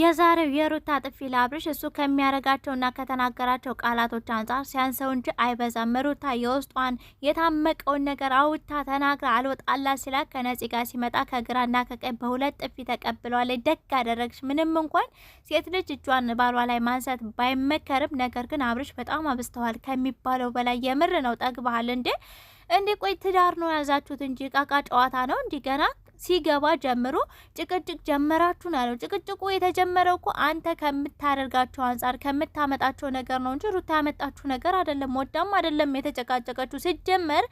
የዛሬው የሩታ ጥፊ ለአብርሽ እሱ ከሚያረጋቸውና ከተናገራቸው ቃላቶች አንጻር ሲያንሰው እንጂ አይበዛም። ሩታ የውስጧን የታመቀውን ነገር አውታ ተናግራ አልወጣላ ሲላ ከነፂ ጋር ሲመጣ ከግራና ከቀኝ በሁለት ጥፊ ተቀብለዋል። ደግ አደረግሽ። ምንም እንኳን ሴት ልጅ እጇን ባሏ ላይ ማንሳት ባይመከርም፣ ነገር ግን አብርሽ በጣም አብዝተዋል ከሚባለው በላይ የምር ነው። ጠግበሃል እንዴ? እንዴ ቆይ ትዳር ነው ያዛችሁት እንጂ ቃቃ ጨዋታ ነው እንዲህ ገና ሲገባ ጀምሮ ጭቅጭቅ ጀመራችሁ ነው ያለው። ጭቅጭቁ የተጀመረው እኮ አንተ ከምታደርጋቸው አንጻር ከምታመጣቸው ነገር ነው እንጂ ሩታ ያመጣችሁ ነገር አይደለም። ወዳም አይደለም የተጨቃጨቀችው። ሲጀመር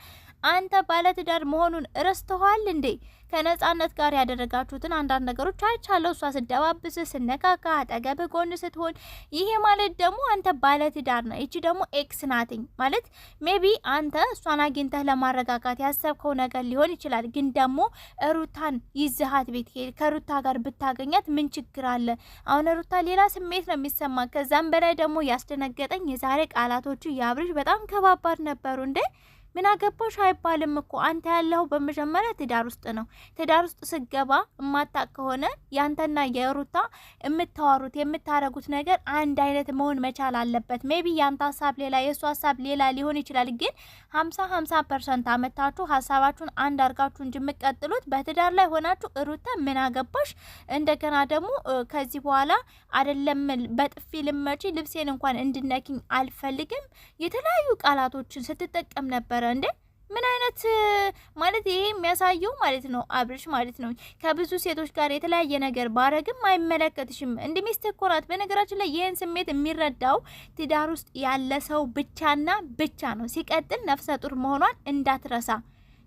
አንተ ባለትዳር መሆኑን እረስተዋል እንዴ? ከነጻነት ጋር ያደረጋችሁትን አንዳንድ ነገሮች አይቻለሁ። እሷ ስደባብስ፣ ስነካካ፣ አጠገብ ጎን ስትሆን፣ ይሄ ማለት ደግሞ አንተ ባለትዳር ነው፣ እቺ ደግሞ ኤክስ ናትኝ ማለት ሜቢ አንተ እሷን አግኝተህ ለማረጋጋት ያሰብከው ነገር ሊሆን ይችላል። ግን ደግሞ ሩታን ይዝሃት ቤት ከሩታ ጋር ብታገኛት ምን ችግር አለ? አሁን ሩታ ሌላ ስሜት ነው የሚሰማ። ከዛም በላይ ደግሞ ያስደነገጠኝ የዛሬ ቃላቶቹ የአብርሽ በጣም ከባባድ ነበሩ እንዴ ምን አገባሽ አይባልም እኮ አንተ ያለው በመጀመሪያ ትዳር ውስጥ ነው። ትዳር ውስጥ ስገባ እማታቅ ከሆነ ያንተና የሩታ የምታዋሩት የምታረጉት ነገር አንድ አይነት መሆን መቻል አለበት። ሜቢ ያንተ ሀሳብ ሌላ፣ የእሱ ሀሳብ ሌላ ሊሆን ይችላል። ግን ሀምሳ ሀምሳ ፐርሰንት አመታችሁ ሀሳባችሁን አንድ አርጋችሁ እንጂ የምትቀጥሉት በትዳር ላይ ሆናችሁ ሩታ ምን አገባሽ እንደገና ደግሞ ከዚህ በኋላ አይደለም በጥፊ ልመጪ ልብሴን እንኳን እንድነኪኝ አልፈልግም የተለያዩ ቃላቶችን ስትጠቀም ነበረ እንዴ ምን አይነት ማለት ይሄ የሚያሳየው ማለት ነው አብርሽ ማለት ነው ከብዙ ሴቶች ጋር የተለያየ ነገር ባረግም አይመለከትሽም። እንደ ሚስት እኮ ናት። በነገራችን ላይ ይህን ስሜት የሚረዳው ትዳር ውስጥ ያለ ሰው ብቻና ብቻ ነው። ሲቀጥል ነፍሰ ጡር መሆኗን እንዳትረሳ።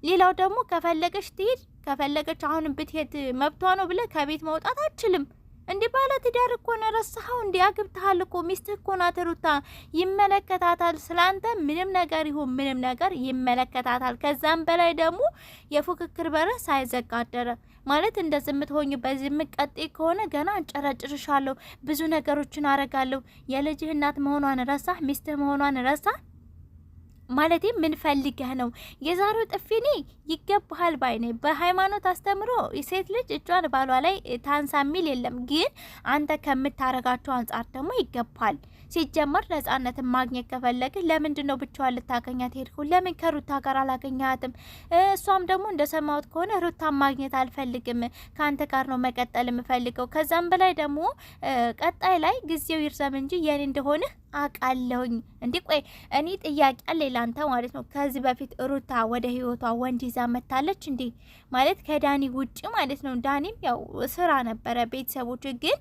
ሌላው ደግሞ ከፈለገች ትሄድ፣ ከፈለገች አሁን ብትሄድ መብቷ ነው ብለ ከቤት መውጣት አችልም። እንደ ባለ ትዳር እኮ ነው ረሳኸው? እንደ አግብተሃል እኮ ሚስትህ እኮ ናት ሩታ። ይመለከታታል፣ ስላንተ ምንም ነገር ይሁን ምንም ነገር ይመለከታታል። ከዛም በላይ ደግሞ የፉክክር በረ ሳይዘጋ አደረ ማለት እንደዚህ የምትሆኝ በዚህ የምትቀጥይ ከሆነ ገና አንጨረጭርሻለሁ፣ ብዙ ነገሮችን አረጋለሁ። የልጅህ እናት መሆኗን ረሳህ? ሚስትህ መሆኗን ረሳህ? ማለቴ ምን ፈልገህ ነው? የዛሬው ጥፊኔ ይገባሃል ባይኔ። በሃይማኖት አስተምሮ ሴት ልጅ እጇን ባሏ ላይ ታንሳ ሚል የለም፣ ግን አንተ ከምታረጋቸው አንጻር ደግሞ ይገባል። ሲጀመር ነጻነት ማግኘት ከፈለግህ ለምንድን ነው ብቻዋን ልታገኛት ሄድኩ? ለምን ከሩታ ጋር አላገኛትም? እሷም ደግሞ እንደሰማሁት ከሆነ ሩታ ማግኘት አልፈልግም፣ ከአንተ ጋር ነው መቀጠል የምፈልገው። ከዛም በላይ ደግሞ ቀጣይ ላይ ጊዜው ይርዘም እንጂ የኔ እንደሆነ አቃለሁኝ እንዲ ቆይ እኔ ጥያቄ አለኝ ላንተ ማለት ነው። ከዚህ በፊት ሩታ ወደ ህይወቷ ወንድ ይዛ መታለች እንዴ? ማለት ከዳኒ ውጭ ማለት ነው። ዳኒም ያው ስራ ነበረ ቤተሰቦች ግን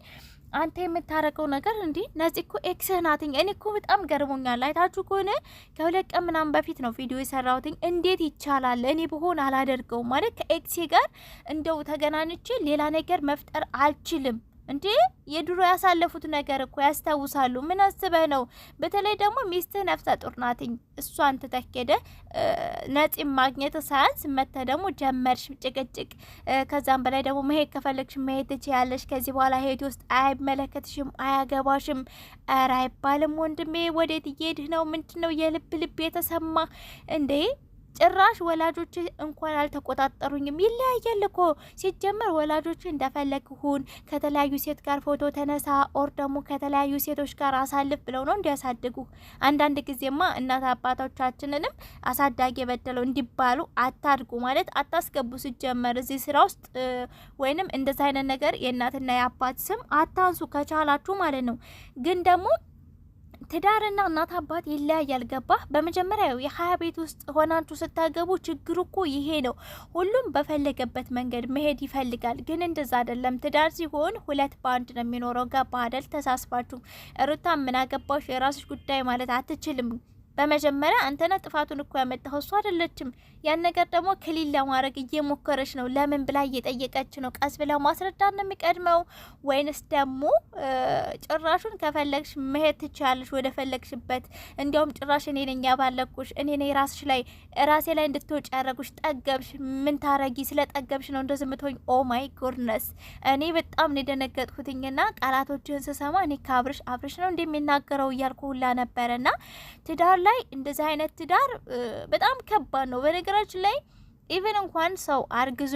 አንተ የምታረቀው ነገር እንዲ ነፂ እኮ ኤክስህ ናትኝ። እኔ እኮ በጣም ገርሞኛል። አይታችሁ ከሆነ ከሁለት ቀን ምናምን በፊት ነው ቪዲዮ የሰራሁትኝ። እንዴት ይቻላል? እኔ ብሆን አላደርገውም ማለት ከኤክሴ ጋር እንደው ተገናኝቼ ሌላ ነገር መፍጠር አልችልም። እንዴ የድሮ ያሳለፉት ነገር እኮ ያስታውሳሉ። ምን አስበህ ነው? በተለይ ደግሞ ሚስትህ ነፍሰ ጡር ናትኝ። እሷን ተተኬደ ነፂም ማግኘት ሳያንስ መተ ደግሞ ጀመርሽ ጭቅጭቅ። ከዛም በላይ ደግሞ መሄድ ከፈለግሽ መሄድ ትችያለሽ። ከዚህ በኋላ ሄድ ውስጥ አይመለከትሽም፣ አያገባሽም። ኧረ አይባልም ወንድሜ። ወዴት እየሄድህ ነው? ምንድን ነው የልብ ልብ የተሰማ እንዴ ጭራሽ ወላጆች እንኳን አልተቆጣጠሩኝም። ይለያያል እኮ ሲጀመር ወላጆች እንደፈለግ ሁን፣ ከተለያዩ ሴት ጋር ፎቶ ተነሳ፣ ኦር ደግሞ ከተለያዩ ሴቶች ጋር አሳልፍ ብለው ነው እንዲያሳድጉ። አንዳንድ ጊዜማ እናት አባቶቻችንንም አሳዳጊ የበደለው እንዲባሉ አታድጉ ማለት አታስገቡ። ሲጀመር እዚህ ስራ ውስጥ ወይንም እንደዚ አይነት ነገር የእናትና የአባት ስም አታንሱ ከቻላችሁ ማለት ነው ግን ደግሞ ትዳርና እናት አባት ይለያያል። ገባ በመጀመሪያው የሀያ ቤት ውስጥ ሆናችሁ ስታገቡ ችግሩ እኮ ይሄ ነው። ሁሉም በፈለገበት መንገድ መሄድ ይፈልጋል። ግን እንደዛ አይደለም። ትዳር ሲሆን ሁለት በአንድ ነው የሚኖረው። ገባ አይደል? ተሳስባችሁ ሩታ ምን አገባሽ የራስሽ ጉዳይ ማለት አትችልም። በመጀመሪያ አንተነ ጥፋቱን እኮ ያመጣኸው እሱ አይደለችም። ያን ነገር ደግሞ ክሊል ለማድረግ እየሞከረች ነው። ለምን ብላ እየጠየቀች ነው። ቀስ ብላ ማስረዳት ነው የሚቀድመው፣ ወይንስ ደግሞ ጭራሹን ከፈለግሽ መሄድ ትችላለሽ ወደ ፈለግሽበት። እንዲያውም ጭራሽ እኔ ነኝ ያባለኩሽ፣ እኔ ነኝ ራስሽ ላይ ራሴ ላይ እንድትወጭ ያደረጉሽ። ጠገብሽ፣ ምን ታረጊ? ስለ ጠገብሽ ነው እንደዚህ ምትሆኝ? ኦ ማይ ጎድነስ! እኔ በጣም ነው የደነገጥኩትኝና ቃላቶችህን ስሰማ እኔ ከአብርሽ አብርሽ ነው እንደሚናገረው እያልኩ ሁላ ነበረና ትዳር ላይ እንደዚህ አይነት ትዳር በጣም ከባድ ነው። በነገራችን ላይ ኢቨን እንኳን ሰው አርግዞ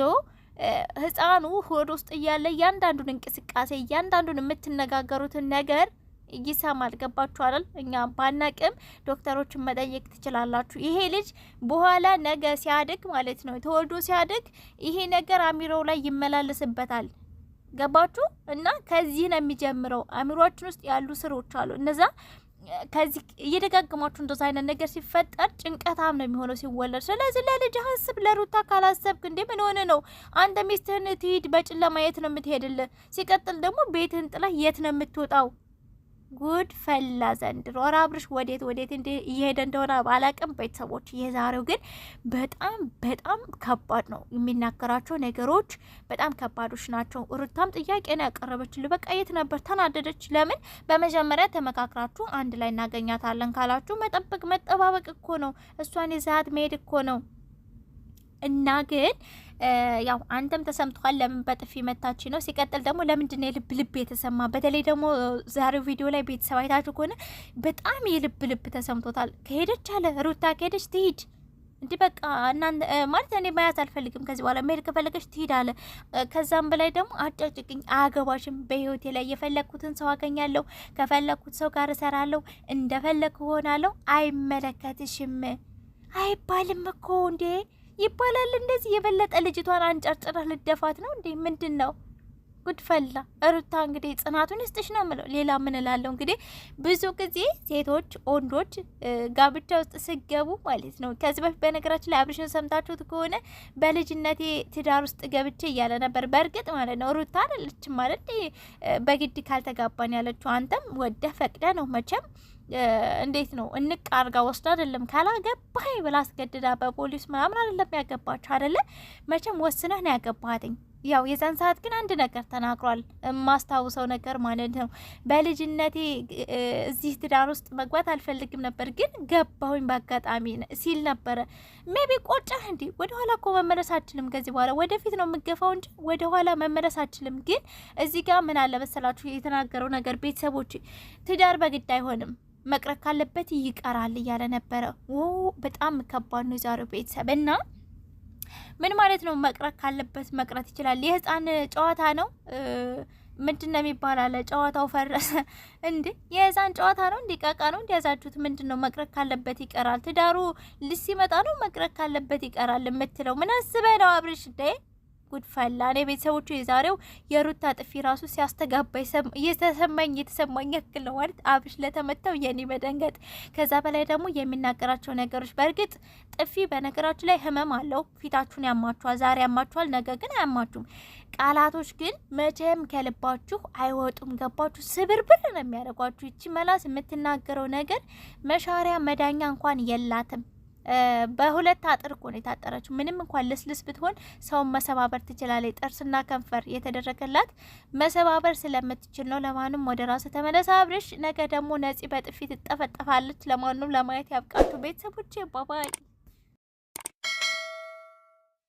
ህፃኑ ሆድ ውስጥ እያለ እያንዳንዱን እንቅስቃሴ እያንዳንዱን የምትነጋገሩትን ነገር ይሰማል። ገባችኋል? እኛ ባናቅም ዶክተሮችን መጠየቅ ትችላላችሁ። ይሄ ልጅ በኋላ ነገ ሲያድግ ማለት ነው ተወልዶ ሲያድግ ይሄ ነገር አሚሮው ላይ ይመላለስበታል። ገባችሁ? እና ከዚህ ነው የሚጀምረው። አሚሮችን ውስጥ ያሉ ስሮች አሉ። እነዛ ከዚህ እየደጋግማችሁ እንደዛ አይነት ነገር ሲፈጠር ጭንቀታም ነው የሚሆነው ሲወለድ። ስለዚህ ለልጅ አስብ። ለሩታ ካላሰብክ እንዴ ምን ሆነ ነው? አንተ ሚስትህን ትሂድ፣ በጨለማ የት ነው የምትሄድልህ? ሲቀጥል ደግሞ ቤትህን ጥለህ የት ነው የምትወጣው? ጉድ ፈላ ዘንድሮ። ኧረ አብርሽ ወዴት ወዴት እየሄደ እንደሆነ ባላቅም፣ ቤተሰቦች የዛሬው ግን በጣም በጣም ከባድ ነው። የሚናገራቸው ነገሮች በጣም ከባዶች ናቸው። ሩታም ጥያቄ ነው ያቀረበችል። በቃ የት ነበር ተናደደች። ለምን በመጀመሪያ ተመካክራችሁ አንድ ላይ እናገኛታለን ካላችሁ መጠበቅ መጠባበቅ እኮ ነው። እሷን የዛት መሄድ እኮ ነው። እና ግን ያው አንተም ተሰምቷል። ለምን በጥፊ መታች ነው። ሲቀጥል ደግሞ ለምንድን የልብ ልብ የተሰማ? በተለይ ደግሞ ዛሬው ቪዲዮ ላይ ቤተሰብ አይታችሁ ከሆነ በጣም የልብ ልብ ተሰምቶታል። ከሄደች አለ ሩታ ከሄደች ትሂድ እንዲህ በቃ እናንተ ማለት እኔ መያዝ አልፈልግም። ከዚህ በኋላ መሄድ ከፈለገች ትሂድ አለ። ከዛም በላይ ደግሞ አጫጭቅኝ አያገባሽም። በህይወቴ ላይ የፈለግኩትን ሰው አገኛለሁ፣ ከፈለግኩት ሰው ጋር እሰራለሁ፣ እንደፈለግኩ ሆናለሁ፣ አይመለከትሽም አይባልም እኮ እንዴ ይባላል እንደዚህ የበለጠ ልጅቷን አንጨርጭረህ ልደፋት ነው እንዴ? ምንድን ነው ጉድፈላ? እሩታ እንግዲህ ጽናቱን ይስጥሽ ነው ምለው። ሌላ ምን እላለሁ? እንግዲህ ብዙ ጊዜ ሴቶች ወንዶች ጋብቻ ውስጥ ስገቡ ማለት ነው። ከዚህ በፊት በነገራችን ላይ አብርሽን ሰምታችሁት ከሆነ በልጅነቴ ትዳር ውስጥ ገብቼ እያለ ነበር። በእርግጥ ማለት ነው ሩታ አለች ማለት በግድ ካልተጋባን ያለችው አንተም ወደ ፈቅደ ነው መቼም እንዴት ነው እንቅ አርጋ ወስዳ አይደለም ካላገባኝ ብላ አስገድዳ በፖሊስ ምናምን አይደለም ያገባችሁ አይደለ? መቼም ወስነህ ነው ያገባትኝ። ያው የዛን ሰዓት ግን አንድ ነገር ተናግሯል፣ የማስታውሰው ነገር ማለት ነው። በልጅነቴ እዚህ ትዳር ውስጥ መግባት አልፈልግም ነበር፣ ግን ገባሁኝ በአጋጣሚ ሲል ነበረ። ሜቢ ቆጨህ እንዲ ወደኋላ እኮ መመለስ አችልም። ከዚህ በኋላ ወደፊት ነው የምገፋው እንጂ ወደኋላ መመለስ አችልም። ግን እዚህ ጋር ምን አለ መሰላችሁ የተናገረው ነገር ቤተሰቦች፣ ትዳር በግድ አይሆንም። መቅረት ካለበት ይቀራል እያለ ነበረ። ው በጣም ከባድ ነው የዛሬው ቤተሰብ እና ምን ማለት ነው? መቅረት ካለበት መቅረት ይችላል። የህፃን ጨዋታ ነው ምንድን ነው የሚባላለ? ጨዋታው ፈረሰ እንዴ? የህፃን ጨዋታ ነው እንዲቀቃ ነው እንዲያዛችሁት ምንድን ነው? መቅረት ካለበት ይቀራል። ትዳሩ ልስ ሲመጣ ነው መቅረት ካለበት ይቀራል የምትለው ምን አስበህ ነው አብርሽ? ጉድ ፈላ። እኔ ቤተሰቦቹ የዛሬው የሩታ ጥፊ ራሱ ሲያስተጋባ የተሰማኝ የተሰማኝ ያክል ነው ማለት አብሽ ለተመታው የኔ መደንገጥ፣ ከዛ በላይ ደግሞ የሚናገራቸው ነገሮች። በእርግጥ ጥፊ በነገራችሁ ላይ ህመም አለው። ፊታችሁን ያማችኋል፣ ዛሬ ያማችኋል፣ ነገ ግን አያማችሁም። ቃላቶች ግን መቼም ከልባችሁ አይወጡም። ገባችሁ? ስብርብር ነው የሚያደርጓችሁ። ይቺ መላስ የምትናገረው ነገር መሻሪያ መዳኛ እንኳን የላትም። በሁለት አጥር እኮ ነው የታጠረችው። ምንም እንኳን ልስልስ ብትሆን ሰውን መሰባበር ትችላለች። ጥርስና ከንፈር የተደረገላት መሰባበር ስለምትችል ነው። ለማንም ወደ ራሱ ተመለሰ አብርሽ። ነገ ደግሞ ነፂ በጥፊ ትጠፈጠፋለች። ለማንም ለማየት ያብቃችሁ ቤተሰቦቼ። ባባይ